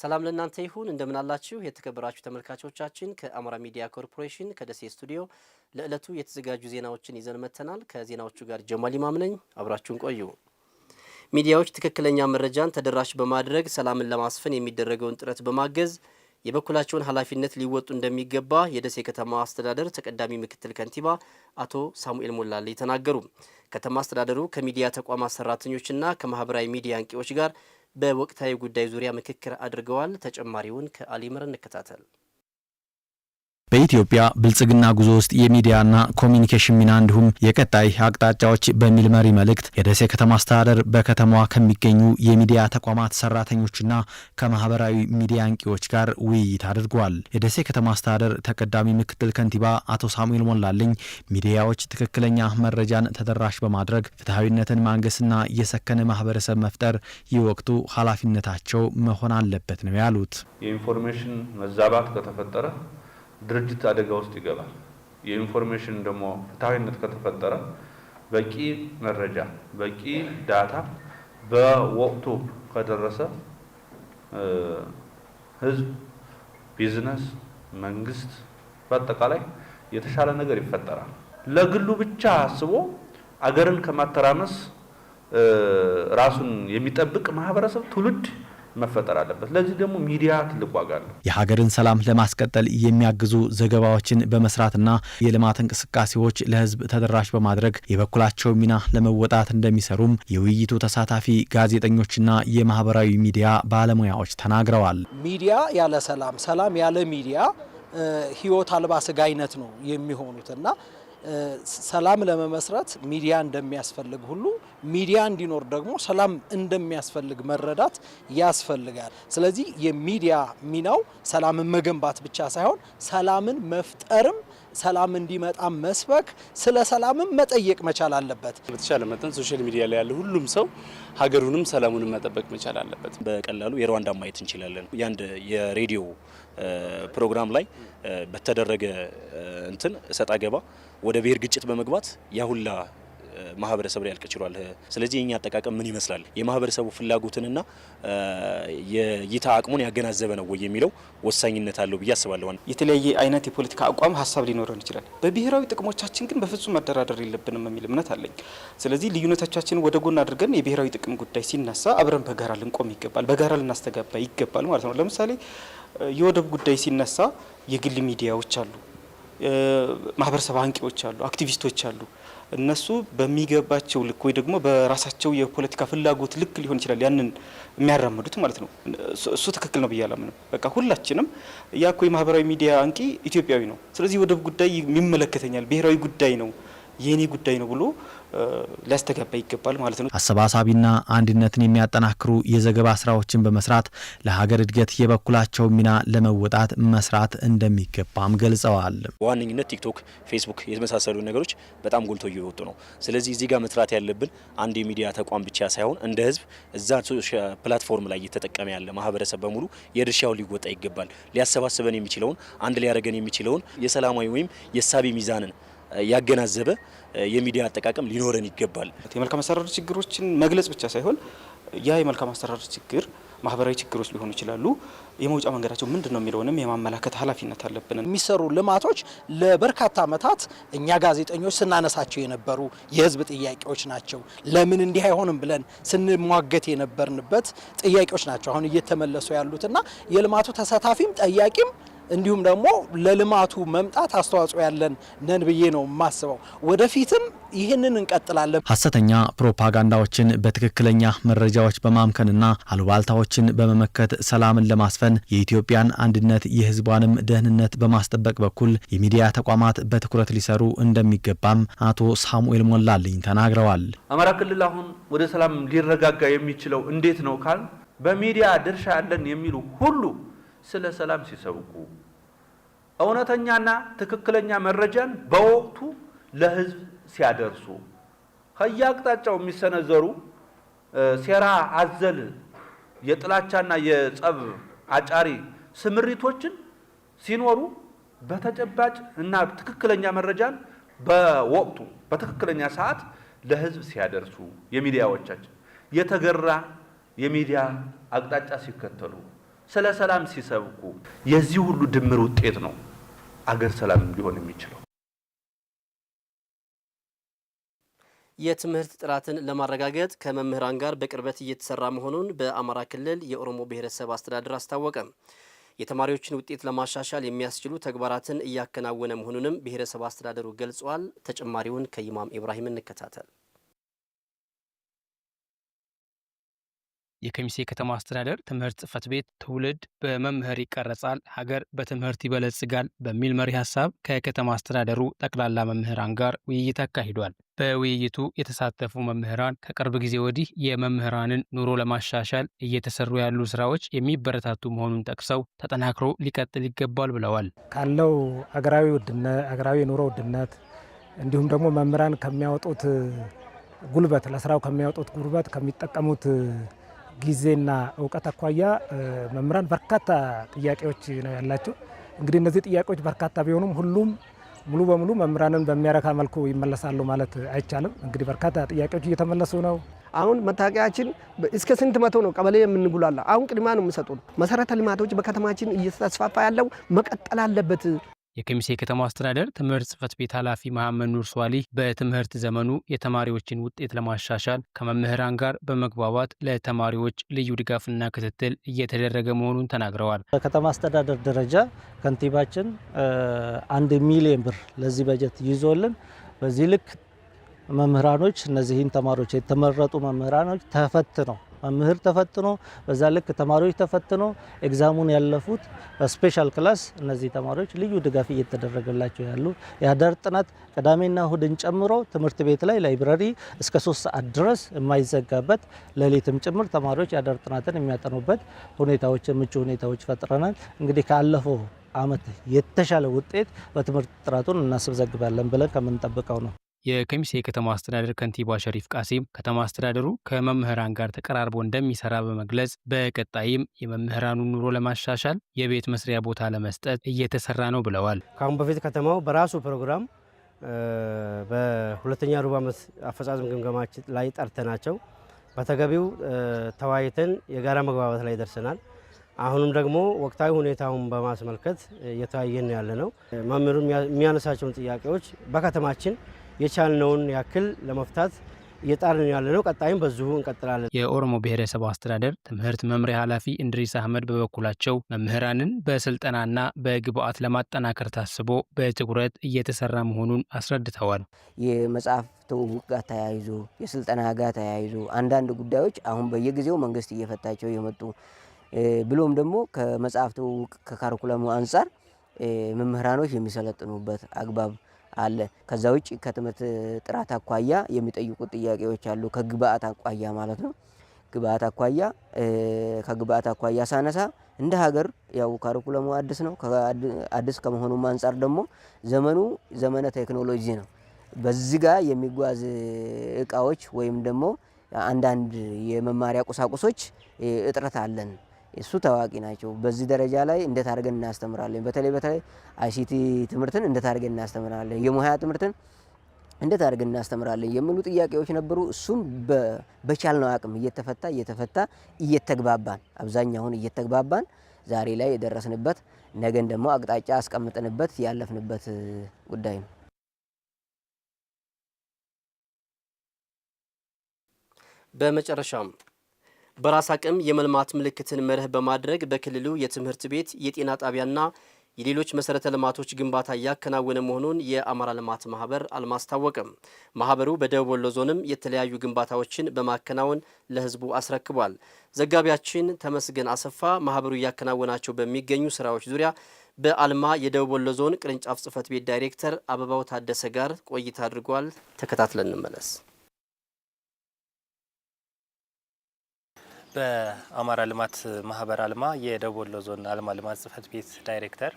ሰላም ለእናንተ ይሁን። እንደምን አላችሁ የተከበራችሁ ተመልካቾቻችን? ከአማራ ሚዲያ ኮርፖሬሽን ከደሴ ስቱዲዮ ለዕለቱ የተዘጋጁ ዜናዎችን ይዘን መጥተናል። ከዜናዎቹ ጋር ጀማል ኢማም ነኝ። አብራችሁን ቆዩ። ሚዲያዎች ትክክለኛ መረጃን ተደራሽ በማድረግ ሰላምን ለማስፈን የሚደረገውን ጥረት በማገዝ የበኩላቸውን ኃላፊነት ሊወጡ እንደሚገባ የደሴ ከተማ አስተዳደር ተቀዳሚ ምክትል ከንቲባ አቶ ሳሙኤል ሞላሌ ተናገሩ። ከተማ አስተዳደሩ ከሚዲያ ተቋማት ሰራተኞችና ከማህበራዊ ሚዲያ አንቂዎች ጋር በወቅታዊ ጉዳይ ዙሪያ ምክክር አድርገዋል። ተጨማሪውን ከአሊምር እንከታተል። በኢትዮጵያ ብልጽግና ጉዞ ውስጥ የሚዲያና ኮሚኒኬሽን ሚና እንዲሁም የቀጣይ አቅጣጫዎች በሚል መሪ መልእክት የደሴ ከተማ አስተዳደር በከተማዋ ከሚገኙ የሚዲያ ተቋማት ሰራተኞችና ከማህበራዊ ሚዲያ አንቂዎች ጋር ውይይት አድርጓል። የደሴ ከተማ አስተዳደር ተቀዳሚ ምክትል ከንቲባ አቶ ሳሙኤል ሞላለኝ ሚዲያዎች ትክክለኛ መረጃን ተደራሽ በማድረግ ፍትሐዊነትን ማንገስና የሰከነ ማህበረሰብ መፍጠር የወቅቱ ኃላፊነታቸው መሆን አለበት ነው ያሉት። የኢንፎርሜሽን መዛባት ከተፈጠረ ድርጅት አደጋ ውስጥ ይገባል። የኢንፎርሜሽን ደግሞ ፍትሐዊነት ከተፈጠረ በቂ መረጃ በቂ ዳታ በወቅቱ ከደረሰ ህዝብ፣ ቢዝነስ፣ መንግስት በአጠቃላይ የተሻለ ነገር ይፈጠራል። ለግሉ ብቻ አስቦ አገርን ከማተራመስ ራሱን የሚጠብቅ ማህበረሰብ ትውልድ መፈጠር አለበት። ለዚህ ደግሞ ሚዲያ ትልቅ ዋጋ አለው። የሀገርን ሰላም ለማስቀጠል የሚያግዙ ዘገባዎችን በመስራትና የልማት እንቅስቃሴዎች ለህዝብ ተደራሽ በማድረግ የበኩላቸው ሚና ለመወጣት እንደሚሰሩም የውይይቱ ተሳታፊ ጋዜጠኞችና የማህበራዊ ሚዲያ ባለሙያዎች ተናግረዋል። ሚዲያ ያለ ሰላም፣ ሰላም ያለ ሚዲያ ህይወት አልባ ስጋ አይነት ነው የሚሆኑት እና ሰላም ለመመስረት ሚዲያ እንደሚያስፈልግ ሁሉ ሚዲያ እንዲኖር ደግሞ ሰላም እንደሚያስፈልግ መረዳት ያስፈልጋል። ስለዚህ የሚዲያ ሚናው ሰላምን መገንባት ብቻ ሳይሆን ሰላምን መፍጠርም ሰላም እንዲመጣ መስበክ፣ ስለ ሰላምም መጠየቅ መቻል አለበት። በተቻለ መጠን ሶሻል ሚዲያ ላይ ያለ ሁሉም ሰው ሀገሩንም ሰላሙንም መጠበቅ መቻል አለበት። በቀላሉ የሩዋንዳ ማየት እንችላለን። የአንድ የሬዲዮ ፕሮግራም ላይ በተደረገ እንትን እሰጥ ገባ ወደ ብሔር ግጭት በመግባት ያሁላ ማህበረሰብ ላይ ያልቅ ችሏል። ስለዚህ የኛ አጠቃቀም ምን ይመስላል፣ የማህበረሰቡ ፍላጎትንና የእይታ አቅሙን ያገናዘበ ነው ወይ የሚለው ወሳኝነት አለው ብዬ አስባለሁ። የተለያየ አይነት የፖለቲካ አቋም ሀሳብ ሊኖረን ይችላል። በብሔራዊ ጥቅሞቻችን ግን በፍጹም መደራደር የለብንም የሚል እምነት አለኝ። ስለዚህ ልዩነቶቻችን ወደ ጎን አድርገን የብሔራዊ ጥቅም ጉዳይ ሲነሳ አብረን በጋራ ልንቆም ይገባል፣ በጋራ ልናስተጋባ ይገባል ማለት ነው። ለምሳሌ የወደብ ጉዳይ ሲነሳ የግል ሚዲያዎች አሉ ማህበረሰብ አንቂዎች አሉ፣ አክቲቪስቶች አሉ። እነሱ በሚገባቸው ልክ ወይ ደግሞ በራሳቸው የፖለቲካ ፍላጎት ልክ ሊሆን ይችላል ያንን የሚያራምዱት ማለት ነው። እሱ ትክክል ነው ብዬ አላምንም። በቃ ሁላችንም ያ የማህበራዊ ሚዲያ አንቂ ኢትዮጵያዊ ነው። ስለዚህ ወደብ ጉዳይ ይመለከተኛል፣ ብሔራዊ ጉዳይ ነው የኔ ጉዳይ ነው ብሎ ሊያስተገባ ይገባል ማለት ነው። አሰባሳቢና አንድነትን የሚያጠናክሩ የዘገባ ስራዎችን በመስራት ለሀገር እድገት የበኩላቸው ሚና ለመወጣት መስራት እንደሚገባም ገልጸዋል። በዋነኝነት ቲክቶክ፣ ፌስቡክ የተመሳሰሉ ነገሮች በጣም ጎልቶ እየወጡ ነው። ስለዚህ እዚህ ጋር መስራት ያለብን አንድ የሚዲያ ተቋም ብቻ ሳይሆን እንደ ህዝብ እዛ ፕላትፎርም ላይ እየተጠቀመ ያለ ማህበረሰብ በሙሉ የድርሻውን ሊወጣ ይገባል። ሊያሰባስበን የሚችለውን አንድ ሊያደርገን የሚችለውን የሰላማዊ ወይም የሳቢ ሚዛንን ያገናዘበ የሚዲያ አጠቃቀም ሊኖረን ይገባል። የመልካም አስተዳደር ችግሮችን መግለጽ ብቻ ሳይሆን ያ የመልካም አስተዳደር ችግር ማህበራዊ ችግሮች ሊሆኑ ይችላሉ። የመውጫ መንገዳቸው ምንድን ነው የሚለውንም የማመላከት ኃላፊነት አለብን። የሚሰሩ ልማቶች ለበርካታ ዓመታት እኛ ጋዜጠኞች ስናነሳቸው የነበሩ የህዝብ ጥያቄዎች ናቸው። ለምን እንዲህ አይሆንም ብለን ስንሟገት የነበርንበት ጥያቄዎች ናቸው አሁን እየተመለሱ ያሉትና የልማቱ ተሳታፊም ጠያቂም እንዲሁም ደግሞ ለልማቱ መምጣት አስተዋጽኦ ያለን ነን ብዬ ነው የማስበው። ወደፊትም ይህንን እንቀጥላለን። ሀሰተኛ ፕሮፓጋንዳዎችን በትክክለኛ መረጃዎች በማምከንና አሉባልታዎችን በመመከት ሰላምን ለማስፈን የኢትዮጵያን አንድነት የሕዝቧንም ደህንነት በማስጠበቅ በኩል የሚዲያ ተቋማት በትኩረት ሊሰሩ እንደሚገባም አቶ ሳሙኤል ሞላልኝ ተናግረዋል። አማራ ክልል አሁን ወደ ሰላም ሊረጋጋ የሚችለው እንዴት ነው ካል በሚዲያ ድርሻ ያለን የሚሉ ሁሉ ስለ ሰላም ሲሰብኩ እውነተኛና ትክክለኛ መረጃን በወቅቱ ለህዝብ ሲያደርሱ ከየአቅጣጫው የሚሰነዘሩ ሴራ አዘል የጥላቻና የጸብ አጫሪ ስምሪቶችን ሲኖሩ በተጨባጭ እና ትክክለኛ መረጃን በወቅቱ በትክክለኛ ሰዓት ለህዝብ ሲያደርሱ የሚዲያዎቻችን የተገራ የሚዲያ አቅጣጫ ሲከተሉ ስለ ሰላም ሲሰብኩ የዚህ ሁሉ ድምር ውጤት ነው አገር ሰላም ሊሆን የሚችለው። የትምህርት ጥራትን ለማረጋገጥ ከመምህራን ጋር በቅርበት እየተሰራ መሆኑን በአማራ ክልል የኦሮሞ ብሔረሰብ አስተዳደር አስታወቀ። የተማሪዎችን ውጤት ለማሻሻል የሚያስችሉ ተግባራትን እያከናወነ መሆኑንም ብሔረሰብ አስተዳደሩ ገልጿል። ተጨማሪውን ከይማም ኢብራሂም እንከታተል። የከሚሴ ከተማ አስተዳደር ትምህርት ጽፈት ቤት ትውልድ በመምህር ይቀረጻል፣ ሀገር በትምህርት ይበለጽጋል በሚል መሪ ሀሳብ ከከተማ አስተዳደሩ ጠቅላላ መምህራን ጋር ውይይት አካሂዷል። በውይይቱ የተሳተፉ መምህራን ከቅርብ ጊዜ ወዲህ የመምህራንን ኑሮ ለማሻሻል እየተሰሩ ያሉ ስራዎች የሚበረታቱ መሆኑን ጠቅሰው ተጠናክሮ ሊቀጥል ይገባል ብለዋል። ካለው አገራዊ ውድነት አገራዊ የኑሮ ውድነት እንዲሁም ደግሞ መምህራን ከሚያወጡት ጉልበት ለስራው ከሚያወጡት ጉልበት ከሚጠቀሙት ጊዜና እውቀት አኳያ መምህራን በርካታ ጥያቄዎች ነው ያላቸው። እንግዲህ እነዚህ ጥያቄዎች በርካታ ቢሆኑም ሁሉም ሙሉ በሙሉ መምህራንን በሚያረካ መልኩ ይመለሳሉ ማለት አይቻልም። እንግዲህ በርካታ ጥያቄዎች እየተመለሱ ነው። አሁን መታወቂያችን እስከ ስንት መቶ ነው ቀበሌ የምንጉላለ አሁን ቅድማ ነው የምሰጡን። መሰረተ ልማቶች በከተማችን እየተስፋፋ ያለው መቀጠል አለበት። የከሚሴ ከተማ አስተዳደር ትምህርት ጽህፈት ቤት ኃላፊ መሐመድ ኑር ሷሊ በትምህርት ዘመኑ የተማሪዎችን ውጤት ለማሻሻል ከመምህራን ጋር በመግባባት ለተማሪዎች ልዩ ድጋፍና ክትትል እየተደረገ መሆኑን ተናግረዋል። በከተማ አስተዳደር ደረጃ ከንቲባችን አንድ ሚሊዮን ብር ለዚህ በጀት ይዞልን በዚህ ልክ መምህራኖች እነዚህን ተማሪዎች የተመረጡ መምህራኖች ተፈትነው መምህር ተፈትኖ በዛ ልክ ተማሪዎች ተፈትኖ ኤግዛሙን ያለፉት በስፔሻል ክላስ እነዚህ ተማሪዎች ልዩ ድጋፍ እየተደረገላቸው ያሉ የአዳር ጥናት ቅዳሜና እሁድን ጨምሮ ትምህርት ቤት ላይ ላይብረሪ እስከ ሶስት ሰዓት ድረስ የማይዘጋበት ሌሊትም ጭምር ተማሪዎች የአዳር ጥናትን የሚያጠኑበት ሁኔታዎች ምቹ ሁኔታዎች ፈጥረናል። እንግዲህ ካለፈው አመት የተሻለ ውጤት በትምህርት ጥራቱን እናስመዘግባለን ብለን ከምንጠብቀው ነው። የከሚሴ ከተማ አስተዳደር ከንቲባ ሸሪፍ ቃሲም ከተማ አስተዳደሩ ከመምህራን ጋር ተቀራርቦ እንደሚሰራ በመግለጽ በቀጣይም የመምህራኑ ኑሮ ለማሻሻል የቤት መስሪያ ቦታ ለመስጠት እየተሰራ ነው ብለዋል። ከአሁን በፊት ከተማው በራሱ ፕሮግራም በሁለተኛ ሩብ ዓመት አፈጻጸም ግምገማችን ላይ ጠርተናቸው በተገቢው ተወያይተን የጋራ መግባባት ላይ ደርሰናል። አሁንም ደግሞ ወቅታዊ ሁኔታውን በማስመልከት እየተወያየን ያለ ነው። መምህሩ የሚያነሳቸውን ጥያቄዎች በከተማችን የቻልነውን ያክል ለመፍታት እየጣርን ያለ ነው። ቀጣይም በዚሁ እንቀጥላለን። የኦሮሞ ብሔረሰብ አስተዳደር ትምህርት መምሪያ ኃላፊ እንድሪስ አህመድ በበኩላቸው መምህራንን በስልጠናና በግብአት ለማጠናከር ታስቦ በትኩረት እየተሰራ መሆኑን አስረድተዋል። የመጽሐፍ ትውውቅ ጋር ተያይዞ፣ የስልጠና ጋር ተያይዞ አንዳንድ ጉዳዮች አሁን በየጊዜው መንግስት እየፈታቸው የመጡ ብሎም ደግሞ ከመጽሐፍ ትውውቅ ከካሪኩለሙ አንጻር መምህራኖች የሚሰለጥኑበት አግባብ አለ። ከዛ ውጭ ከትምህርት ጥራት አኳያ የሚጠይቁ ጥያቄዎች አሉ። ከግብአት አኳያ ማለት ነው። ግብአት አኳያ ከግብአት አኳያ ሳነሳ እንደ ሀገር ያው ካሪኩለሙ አዲስ ነው። አዲስ ከመሆኑም አንጻር ደግሞ ዘመኑ ዘመነ ቴክኖሎጂ ነው። በዚህ ጋር የሚጓዝ እቃዎች ወይም ደግሞ አንዳንድ የመማሪያ ቁሳቁሶች እጥረት አለን። እሱ ታዋቂ ናቸው። በዚህ ደረጃ ላይ እንዴት አድርገን እናስተምራለን? በተለይ በተለይ አይሲቲ ትምህርትን እንዴት አድርገን እናስተምራለን? የሙያ ትምህርትን እንዴት አድርገን እናስተምራለን የሚሉ ጥያቄዎች ነበሩ። እሱም በቻልነው አቅም እየተፈታ እየተፈታ እየተግባባን አብዛኛውን እየተግባባን ዛሬ ላይ የደረስንበት ነገን ደግሞ አቅጣጫ አስቀምጠንበት ያለፍንበት ጉዳይ ነው። በመጨረሻም በራስ አቅም የመልማት ምልክትን መርህ በማድረግ በክልሉ የትምህርት ቤት፣ የጤና ጣቢያና የሌሎች መሰረተ ልማቶች ግንባታ እያከናወነ መሆኑን የአማራ ልማት ማህበር አልማስታወቅም። ማህበሩ በደቡብ ወሎ ዞንም የተለያዩ ግንባታዎችን በማከናወን ለህዝቡ አስረክቧል። ዘጋቢያችን ተመስገን አሰፋ ማህበሩ እያከናወናቸው በሚገኙ ስራዎች ዙሪያ በአልማ የደቡብ ወሎ ዞን ቅርንጫፍ ጽህፈት ቤት ዳይሬክተር አበባው ታደሰ ጋር ቆይታ አድርጓል። ተከታትለን እንመለስ። በአማራ ልማት ማህበር አልማ የደቡብ ወሎ ዞን አልማ ልማት ጽህፈት ቤት ዳይሬክተር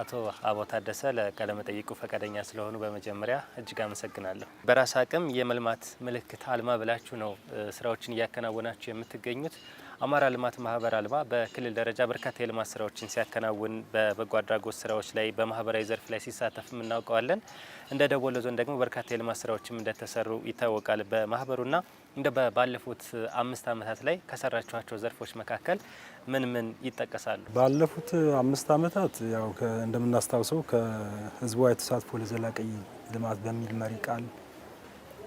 አቶ አበባው ታደሰ ለቃለመጠይቁ ፈቃደኛ ስለሆኑ በመጀመሪያ እጅግ አመሰግናለሁ። በራስ አቅም የመልማት ምልክት አልማ ብላችሁ ነው ስራዎችን እያከናወናችሁ የምትገኙት። አማራ ልማት ማህበር አልማ በክልል ደረጃ በርካታ የልማት ስራዎችን ሲያከናውን በበጎ አድራጎት ስራዎች ላይ በማህበራዊ ዘርፍ ላይ ሲሳተፍ እናውቀዋለን። እንደ ደቡብ ወሎ ዞን ደግሞ በርካታ የልማት ስራዎችም እንደተሰሩ ይታወቃል። በማህበሩና እንደ ባለፉት አምስት ዓመታት ላይ ከሰራችኋቸው ዘርፎች መካከል ምን ምን ይጠቀሳሉ? ባለፉት አምስት ዓመታት ያው እንደምናስታውሰው ከህዝባዊ የተሳትፎ ለዘላቂ ልማት በሚል መሪ ቃል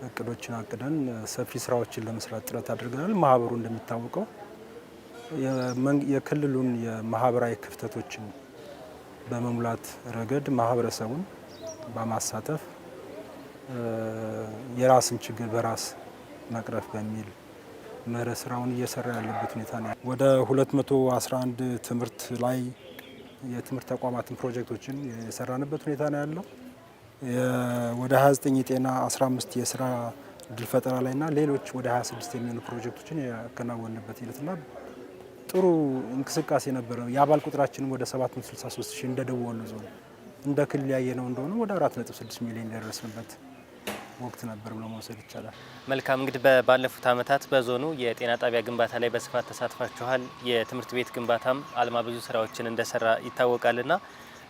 እቅዶችን አቅደን ሰፊ ስራዎችን ለመስራት ጥረት አድርገናል። ማህበሩ እንደሚታወቀው የክልሉን የማህበራዊ ክፍተቶችን በመሙላት ረገድ ማህበረሰቡን በማሳተፍ የራስን ችግር በራስ መቅረፍ በሚል መርህ ስራውን እየሰራ ያለበት ሁኔታ ነው። ወደ 211 ትምህርት ላይ የትምህርት ተቋማትን ፕሮጀክቶችን የሰራንበት ሁኔታ ነው ያለው። ወደ 29 የጤና 15 የስራ እድል ፈጠራ ላይና ሌሎች ወደ 26 የሚሆኑ ፕሮጀክቶችን ያከናወንበት ሂደትና ጥሩ እንቅስቃሴ ነበረ። የአባል ቁጥራችንም ወደ 763 ሺህ እንደ ደቡብ ወሎ ዞን እንደ ክልል ያየነው እንደሆነ ወደ 4.6 ሚሊዮን ደረስንበት ወቅት ነበር ብሎ መውሰድ ይቻላል። መልካም እንግዲህ ባለፉት ዓመታት በዞኑ የጤና ጣቢያ ግንባታ ላይ በስፋት ተሳትፋችኋል። የትምህርት ቤት ግንባታም አልማ ብዙ ስራዎችን እንደሰራ ና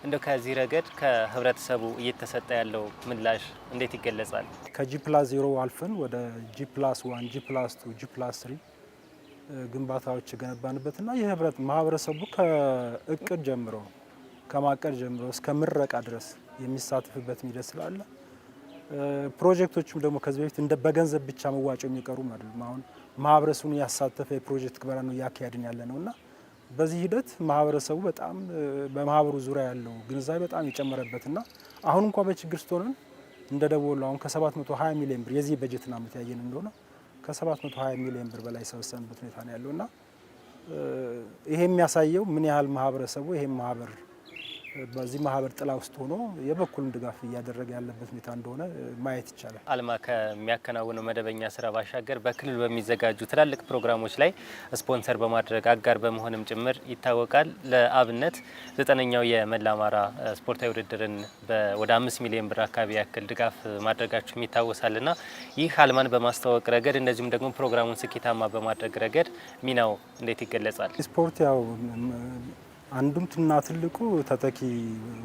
እንደ ከዚህ ረገድ ከህብረተሰቡ እየተሰጠ ያለው ምላሽ እንዴት ይገለጻል? ከጂ ፕላስ ዜሮ አልፈን ወደ ጂ ፕላስ ዋን፣ ጂ ፕላስ ቱ፣ ጂ ፕላስ ትሪ ግንባታዎች የገነባንበትና ይህ ህብረት ማህበረሰቡ ከእቅድ ጀምሮ ከማቀድ ጀምሮ እስከ ምረቃ ድረስ የሚሳትፍበት ሂደት ስላለ ፕሮጀክቶችም ደግሞ ከዚህ በፊት እንደ በገንዘብ ብቻ መዋጮ የሚቀሩም አይደሉም። አሁን ማህበረሰቡን ያሳተፈ የፕሮጀክት ግበራ ነው እያካሄድን ያለ ነው እና በዚህ ሂደት ማህበረሰቡ በጣም በማህበሩ ዙሪያ ያለው ግንዛቤ በጣም የጨመረበትና አሁን እንኳ በችግር ስትሆነን እንደ ደወሉ አሁን ከ720 ሚሊዮን ብር የዚህ በጀትና ዓመት ያየን እንደሆነ ከ720 ሚሊዮን ብር በላይ የሰበሰብንበት ሁኔታ ነው ያለውና ይሄ የሚያሳየው ምን ያህል ማህበረሰቡ ይሄም ማህበር በዚህ ማህበር ጥላ ውስጥ ሆኖ የበኩሉን ድጋፍ እያደረገ ያለበት ሁኔታ እንደሆነ ማየት ይቻላል። አልማ ከሚያከናውነው መደበኛ ስራ ባሻገር በክልል በሚዘጋጁ ትላልቅ ፕሮግራሞች ላይ ስፖንሰር በማድረግ አጋር በመሆንም ጭምር ይታወቃል። ለአብነት ዘጠነኛው የመላ አማራ ስፖርታዊ ውድድርን ወደ አምስት ሚሊዮን ብር አካባቢ ያክል ድጋፍ ማድረጋችሁም ና ይህ አልማን በማስተዋወቅ ረገድ እንደዚሁም ደግሞ ፕሮግራሙን ስኬታማ በማድረግ ረገድ ሚናው እንዴት ይገለጻል? ስፖርት ያው አንዱም ትና ትልቁ ተተኪ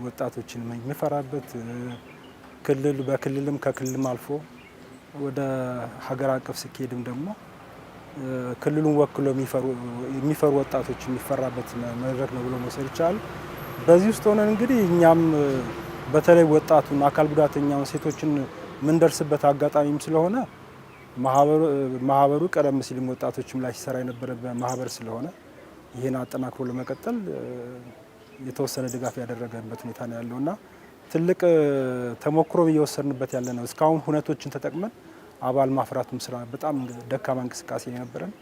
ወጣቶችን የሚፈራበት ክልል በክልልም ከክልልም አልፎ ወደ ሀገር አቀፍ ስኬድም ደግሞ ክልሉን ወክሎ የሚፈሩ ወጣቶች የሚፈራበት መድረክ ነው ብሎ መውሰድ ይቻላል። በዚህ ውስጥ ሆነን እንግዲህ እኛም በተለይ ወጣቱን፣ አካል ጉዳተኛውን፣ ሴቶችን የምንደርስበት አጋጣሚም ስለሆነ ማህበሩ ቀደም ሲልም ወጣቶችም ላይ ሲሰራ የነበረ ማህበር ስለሆነ ይህን አጠናክሮ ለመቀጠል የተወሰነ ድጋፍ ያደረገበት ሁኔታ ነው ያለው እና ትልቅ ተሞክሮ እየወሰድንበት ያለ ነው። እስካሁን ሁነቶችን ተጠቅመን አባል ማፍራቱም ስራ በጣም ደካማ እንቅስቃሴ የነበረን፣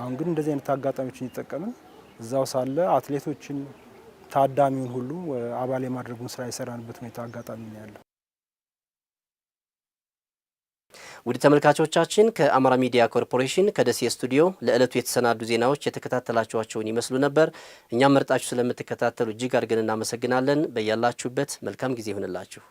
አሁን ግን እንደዚህ አይነት አጋጣሚዎችን እየተጠቀምን እዛው ሳለ አትሌቶችን ታዳሚውን ሁሉ አባል የማድረጉን ስራ የሰራንበት ሁኔታ አጋጣሚ ነው ያለው። ውድ ተመልካቾቻችን ከአማራ ሚዲያ ኮርፖሬሽን ከደሴ ስቱዲዮ ለዕለቱ የተሰናዱ ዜናዎች የተከታተላችኋቸውን ይመስሉ ነበር። እኛም መርጣችሁ ስለምትከታተሉ እጅግ አድርገን እናመሰግናለን። በያላችሁበት መልካም ጊዜ ይሁንላችሁ።